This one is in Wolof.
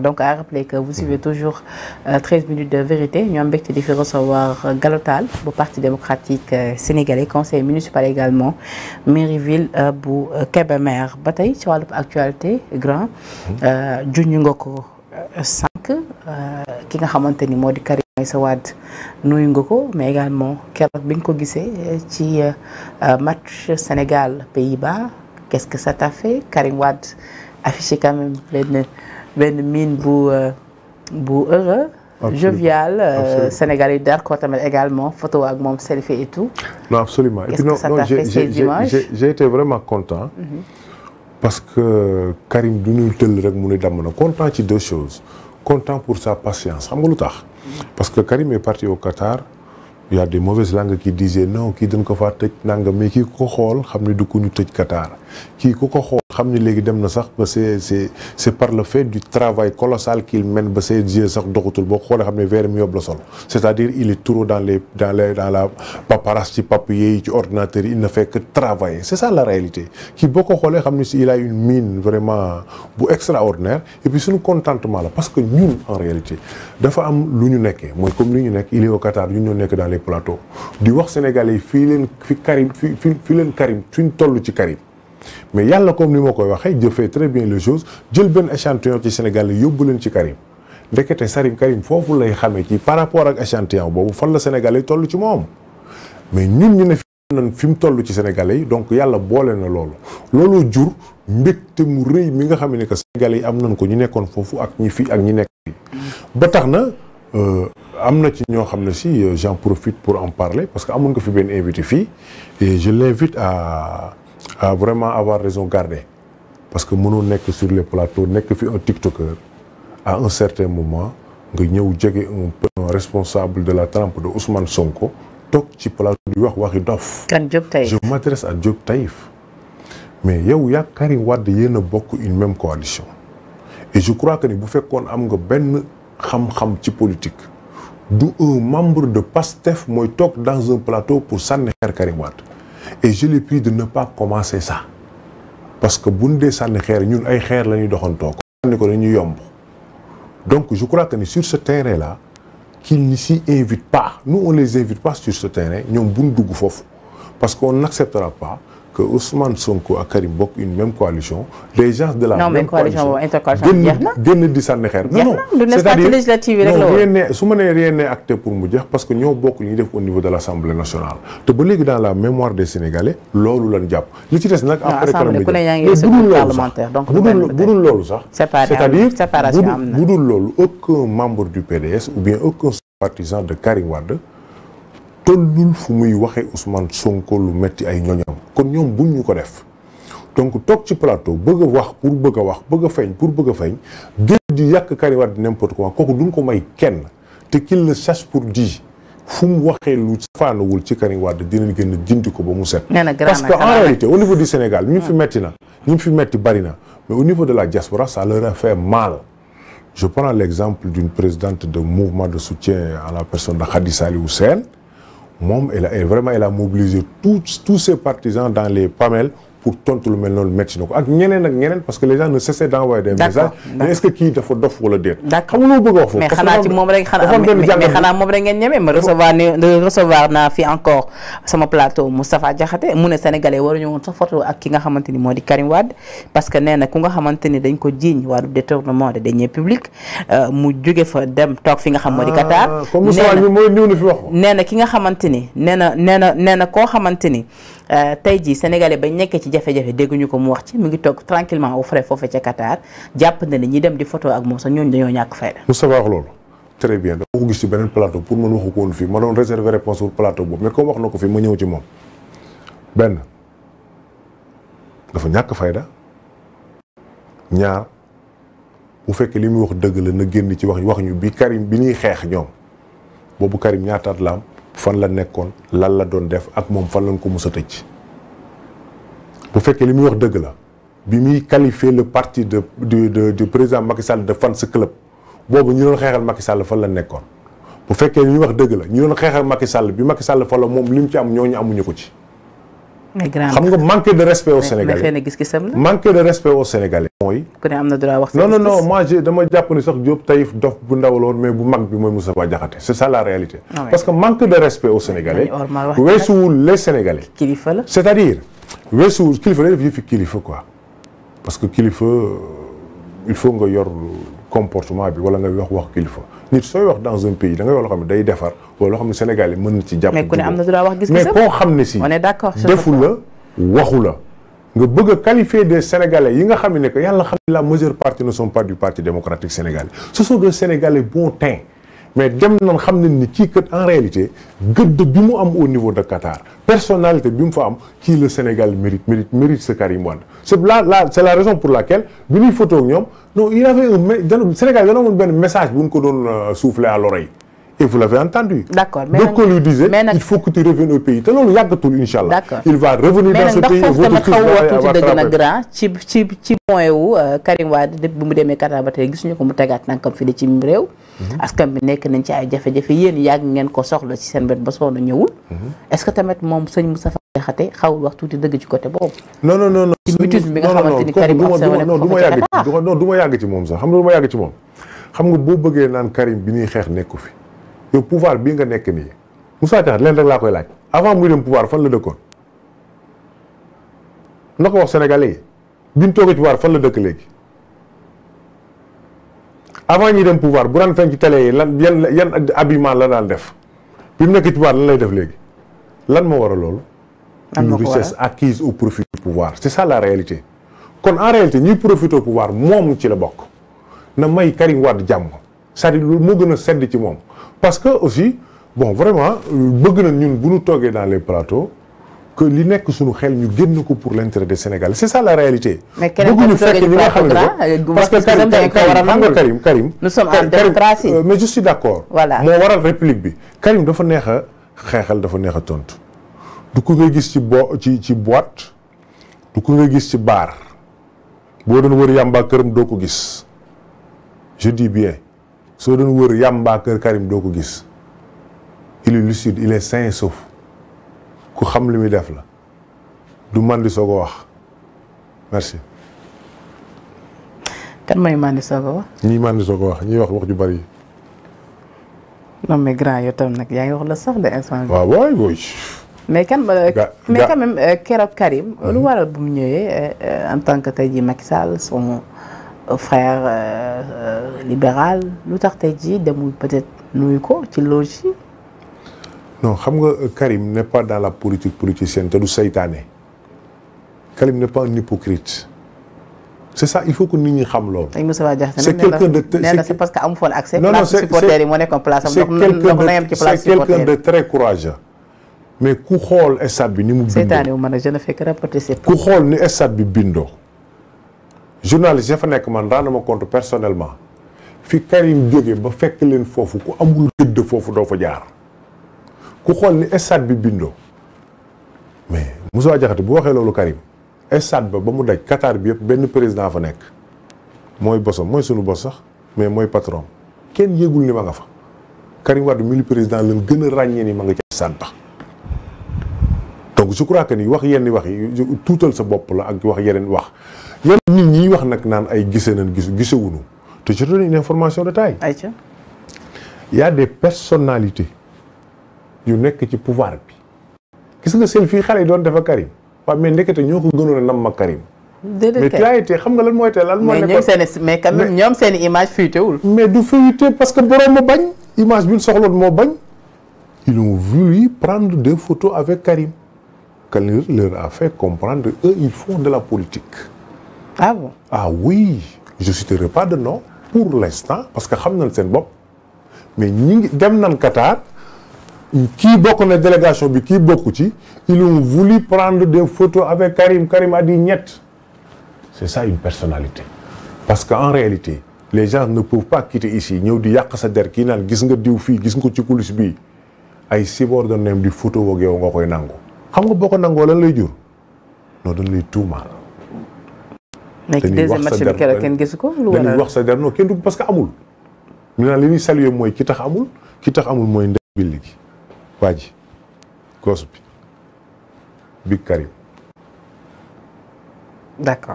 donc a rappeler que vous suivez toujours euh, 13 minutes de vérité ñu am mbégte di fi recevoir euh, Gallo Tall bu parti démocratique euh, sénégalais conseil municipal également mairie ville euh, bu Kébémer ba tey ci wàllub actualité grand juñu nga ko sànq ki nga xamante ni moo di Karim Meïssa Wade nuyu nga ko mais également keroog bi nga ko gisee ci match Sénégal Pays-Bas qu'est-ce que ça t'a fait Karim benn mine bu euh, bu heureux. jovial euh, sénégalais d'art ko tamit également photo ak moom selfie et tout. absolument et puis non non j'ai été vraiment content. Mhm. parce que Karim du nu tëll rek mu ne damm na content ci deux choses content pour sa patience xam nga lu tax. parce que Karim est parti au Qatar. il y a des mauvaises langues qui disaient non kii dañ ko faa tëj nangam mais kii ku ko xool xam ne du ku ñu tëj Qatar kii ku ko xool. xam ne léegi dem na sax ba c'est par le fait du travail colossal qu'il mène ba ses yeux sax doxatul boo xoolee xam ne verre mi yóbbu la sol c'est-à-dire il est trop dans les dans la paperasse ci papier yi ci ordinateur yi il ne fait que travailler c'est ça la réalité kii boo ko xoolee xam ne si il a une mine vraiment bu extraordinaire et puis suñu contentement la parce que ñun en réalité dafa am lu ñu nekkee mooy comme li ñu nekk il est au Qatar ñoo nekk dans les plateaux wax sénégalais fii leen fi Karim fi fi leen Karim suñ toll ci Karim mais yàlla comme ni ma koy waxee je fais très bien les choses jël benn échantillon ci Sénégal yóbbu leen ci Karim ndekete Sarim Karim foofu lay xamee ci par rapport ak échantillon boobu fan la Sénégal yi toll ci moom mais ñun ñu ne fi mu toll ci Sénégalais yi donc yàlla boole na loolu looloo jur mbégte mu rëy mi nga xam ne que Sénégalais yi am nañ ko ñu nekkoon foofu ak ñi fii ak ñi nekk fii ba tax na euh, am na ci ñoo xam ne si euh, j'en profit pour en parler parce que amoon nga fi benn invité fii et je l'invite à à vraiment avoir raison gardée parce que mënoo nekk sur les plateaux nekk fi un tiktoker à un certain moment nga ñëw jege un responsable de la trempe de Ousmane Sonko toog ci plateau di wax waxi dof. kan Diop Taïf je m'adresse à Diop Taïf mais yow yaa Karim Wade yéen a bokk une même coalition et je crois que ni bu fekkoon am nga benn xam-xam ci politique du un membre de PASTEF mooy toog dans un plateau pour sànni xeer Karim et je l'ai pris de ne pas commencer sax parce que bu ñu dee sànni xeer ñun ay xeer la ñuy doxantoo ko sànni ko dañuy yomb donc je crois que ni sur ce terrain la qu'ils ne s'y invitent pas nu on les invite pas sur ce terrain ñoom bu ñu dugg foofu parce que qu'on n'acceptera pas que Ousmane Sonko ak Karim bokk une même coalition les gens de la même coalition génn di sànni xeer non non su ma nee rien n'est acté pour mu jeex parce que ñoo bokk li ñuy def au niveau de l'Assemblée nationale te ba léegi dans la mémoire des Sénégalais loolu lañ jàpp li ci des nag après bu dul loolu bu dul loolu sax c'est-à-dire bu dul loolu aucun membre du PDS ou bien aucun partisan de Karim Wade tollul fu muy waxee Ousmane Sonko lu metti ay ñoñam kon ñoom buñ ñu ko def donc toog ci plateau bëgg a wax pour bëgg a wax bëgg a feeñ pour bëgg a feeñ gën di yàq Karim Wade n'importe ko kooku duñ ko may kenn te qu'il le sache pour di fu mu waxee lu faanawul ci Karim Wade dinañ gën dindi ko ba mu set parce que en réalité au niveau du Sénégal ñu fi hmm. metti na ñu fi metti bari na mais au niveau de la diaspora ça leur a fait mal je prends l'exemple d'une présidente de mouvement de soutien à la personne de Khady Saliou Sène moom elle a vraiment elle a mobilisé tous tous ses partisans dans les Pamel pour tontu lu mel noonu métti ko ak ñeneen ak ñeneen parce que les gens ne cessent d'envoyer des messages de deniers euh, mu jóge fa dem toog fi nga xam moo di ah, Qatar nee ki nga xamante ni nee na koo xamante Euh, tey jii sénégalais bañ nekkee ci jafe-jafe dégguñu ko mu wax ci mu ngi toog tranquillement au frais foofu ca Qatar jàpp na ne ñi dem di photo ak moom sa ñooñu dañoo ñàkk fayda Moustapha wax loolu très bien dama ko gis ci beneen plateau pour man waxu ko woon fii ma doon réserver réponse pour plateau boobu mais comme wax na ko fii ma ñëw ci moom benn dafa ñàkk fayda ñaar bu fekkee li muy wax dëgg la na génn ci wax wax ñu bi Karim bi ñuy xeex ñoom boobu Karim ñaataat la fan la nekkoon lan la doon def ak moom fan lañ ko mos a tëj bu fekkee li muy wax dëgg la bi muy qualifier le parti de du de du président Macky Sall de fan fans club boobu ñu doon xeexal Macky sàll fan la nekkoon bu fekkee li muy wax dëgg la ñu doon xeexal Macky sàll bi Macky sàll fa la moom li mu ci am ñooñu amuñu ko ci. xam nga manque de respect au Sénégalais manque de mooy ku ne am na droit wax non non non moi je dama jàpp ni sax Diop Taïf dof bu ndaw la mais bu mag bi mooy Moustapha Diakhaté c'est ça la réalité ah parce que manque de respect au Sénégalais weesuwul les Sénégalais kilifa la c'est-à-dire weesuwul kilifa la def yëfi kilifa quoi parce que kilifa euh, il faut nga yor comportement bi wala nga wax wax kilifa nit sooy wax dans un pays da ngay wax loo xam ne day defar wala loo xam ne Sénégal mën na ci jàpp mais koo xam ne si on est nga bëgg a qualifier des sénégalais yi nga xam ne yàlla xam ne la majeure partie ne sont pas du parti démocratique sénégalais ce sont des sénégalais bon teint mais dem nañ xam nañ ni kii kat en réalité gëdd bi mu am au niveau de Qatar personnalité bi mu fa am kii le Sénégal mérite mérite mérite ce Karim Wade c'est la la c'est la raison pour laquelle bi ñuy photo ak ñoom non il avait un Sénégal dana benn message bu ñu ko doon euh, souffler à l'oreille et vous l'avez entendu. D'accord mais il faut que tu reviennes au pays te loolu yàggatul incha il va revenir dans ce a tuuti da euh, mu demee Qatar ba tey gisuñu ko mu tegaat nankam fi de ci réew. Mhm. bi nekk nañ ci ay jafe yéen yàgg ngeen ko soxla ci seen wet ba soxla ñëwul. Mhm. est-ce que tamit moom sëñ Moustapha Diakhaté xawul wax tuuti dëgg ci côté boobu. non non non non ci mutisme bi nga xamante ko fa ca Qatar non ci moom sax xam nga du Karim bi ñuy xeex nekku fi yow bii nga nekk nii Moussa Diakhaté leen rek laa koy laaj avant muy dem pouvoir fan la dëkkoon na ko wax sénégalais yi bi mu toogee ci pouvoir fan la dëkk léegi avant ñuy dem pouvoir bu daan feeñ ci télé yi lan yan yan habillement la daan def bi mu nekk ci pouvoir lan lay def léegi lan moo waral loolu. une richesse acquise au profit du pouvoir c'est ça la réalité kon en réalité profité au pouvoir ci la bokk na may Karim Wade jàmm. cest à moo gën a sedd ci moom parce que aussi bon vraiment bëgg na ñun bu ñu toogee dans le plateaux que li nekk suñu xel ñu génn ko pour l'intérêt des Sénégalais c'est ça la réalité. bëgguñu fekk ñi nga xam ne parce que Karim xam nga Karim Karim. nous sommes en démocratie euh, mais je d'accord. moo waral réplique bi Karim dafa neex a xeexal dafa neex a tontu. du ko nga gis ci bo ci ci boîte du ko nga gis ci baar boo doon wër yàmbaa këram doo ko gis je bien. soo doon wër yàmbaa kër Karim doo ko gis il est lucide il est sain et ku xam lu muy def la du mandi soo ko wax merci. kan mooy mandi soo ko wax. ñii mandi soo ko wax ñii wax wax ju bari. non mais grand yow tam nag yaa ngi wax la sax de instant. waaw waay booy. mais kan euh, mais quand euh, Karim. lu mhm. waral bu mu ñëwee euh, en tant que tey jii Macky Sall son. frère euh, euh, libéral lu tax tey jii demul peut-être nuyu ko ci loge yi non xam nga euh, Karim n'est pas dans la politique politicienne te du saytaane Karim n'est pas un hypocrite c'est ça il faut que nit ñi xam loolu. c'est quelqu'un de nee na c'est parce que amu foon accès. non non c'est supporter yi mais ku xool stade bi ni mu bindoo saytaane wu ma nag ku xool ni stade bi bindoo. journaliste ya fa nekk man rendre ma compte personnellement fi Karim jóge ba fekk leen foofu ku amul gëdd foofu doo fa jaar ku xool ni stade bi bindoo mais Moussa Diakhaté bu waxee loolu Karim stade ba ba mu daj Qatar bi yëpp benn président fa nekk mooy bosam mooy sunu bos sax mais mooy patron kenn yëgul ni ma nga fa Karim Wade mi président lañ gën a ràññee ni ma nga ci stade ba donc je crois que wax yenn wax yi tuutal sa bopp la ak wax yeneen wax. nag naan ay gise nañ gisu gisewuñu te je donne une information de taille. ayca y des personnalités yu nekk ci pouvoir bi. gis nga selfie xale yi doon def ak Karim waaw mais ndekete ñoo ko gënoon a nam ak Karim. mais réalité xam nga lan mooy teel lan moo nekkoon mais quand même ñoom seen image fuitewul. mais du fuité parce que borom ma bañ image bi nu soxloon moo bañ. ils ont voulu prendre des photos avec Karim. Karim leur a comprendre eux ils de la politique. ah bon ah oui je citerai pas de nom pour l'instant parce que xam na nañ seen bopp mais ñi ngi dem nañ Qatar kii bokk na délégation bi kii bokku ci ils ont voulu prendre des photos avec Karim Karim a dit ñett c'est ça une personnalité parce que en réalité les gens ne peuvent pas quitter ici ñëw di yàq sa der kii naan gis nga diw fii gis nga ci coulisse bii ay subordonné di photo woog yow nga koy nangu xam nga boo ko nangoo lan lay jur non dañ lay nekk deuxième match bi keroog kenn gisu ko lu waral wax sa der non kenn du parce que amul ñu naan li ñuy saluer mooy ci tax amul ki tax amul mooy ndey billi gi waa ji gosu bi big Karim d'accord